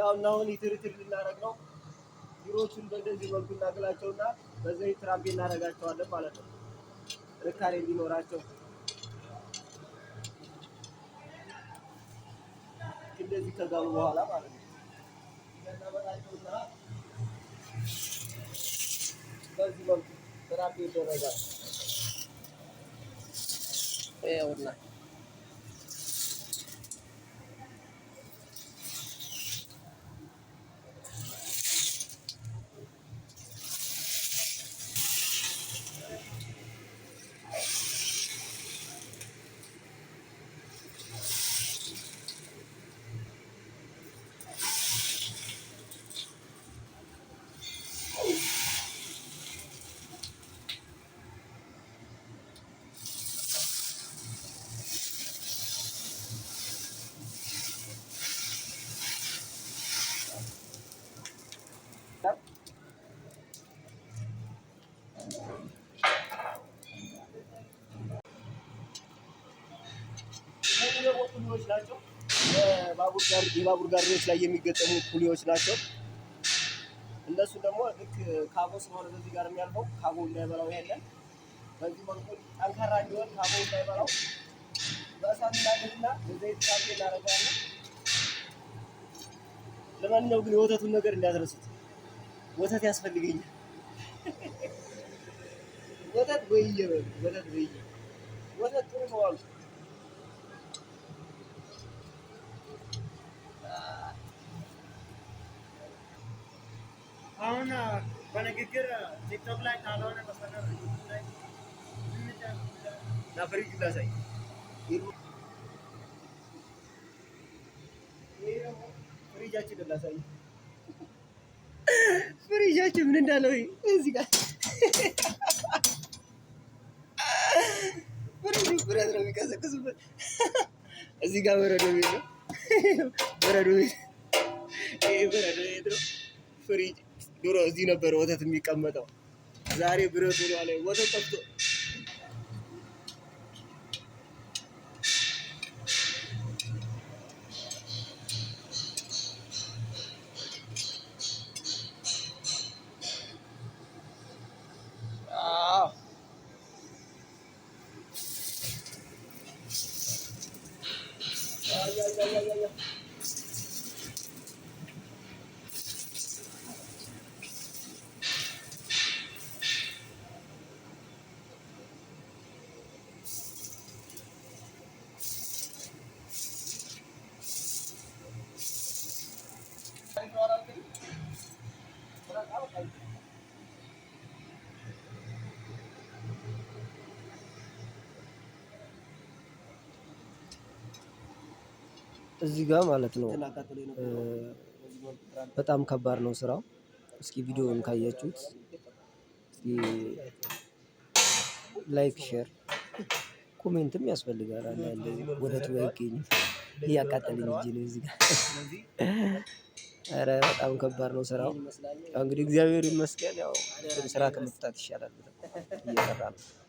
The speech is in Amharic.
ያው እናሁን ይትርትር ልናደርግ ነው። ቢሮዎቹን በእንደዚህ መልኩ እናገላቸውና በዘይት ትራምፔ እናደርጋቸዋለን ማለት ነው፣ ጥንካሬ እንዲኖራቸው። እንደዚህ ከጋሉ በኋላ ማለት ነው በዚህ መልኩ ትራምፔ ይደረጋል። ይኸውና ፑሊዎች ናቸው። የባቡር ጋሪዎች ላይ የሚገጠሙ ፑሊዎች ናቸው። እነሱ ደግሞ ልክ ካቦ ስለሆነ በዚህ ጋር የሚያልፈው ካቦ እንዳይበላው ያለን በዚህ መልኩ ጠንካራ እንዲሆን ካቦ እንዳይበላው በእሳት እናገድና በዘይት ሳቤ እናደርጋለን። ለማንኛው ግን የወተቱን ነገር እንዳትረሱት። ወተት ያስፈልገኛል። ወተት ወይዬ ወተት ወይዬ ወተት ጥሩ ነው አሉ አሁን በንግግር ቲክቶክ ላይ ካልሆነ በስተቀር ለፍሪጅ ላሳይ ፍሪጃችን ላሳይ ፍሪጃችን ምን እንዳለው እዚህ ጋር ፍሪጅ ብረት ነው የሚቀሰቅስበት። እዚህ ጋር በረዶ ቤት ነው። በረዶ ቤት ይሄ በረዶ ቤት ነው ፍሪጅ ድሮ እዚህ ነበር ወተት የሚቀመጠው። ዛሬ ብረት ሆኗል። ወተት ጠፍቶ Yeah, yeah, yeah, yeah, yeah. እዚህ ጋር ማለት ነው። በጣም ከባድ ነው ስራው። እስኪ ቪዲዮውን ካያችሁት ላይክ፣ ሼር፣ ኮሜንትም ያስፈልጋል። አንዳንድ ወደ ቱ እያቃጠለኝ እጅ ነው እዚህ ጋር። ኧረ በጣም ከባድ ነው ስራው። እንግዲህ እግዚአብሔር ይመስገን ያው ስራ ከመፍታት ይሻላል እየሰራ ነው።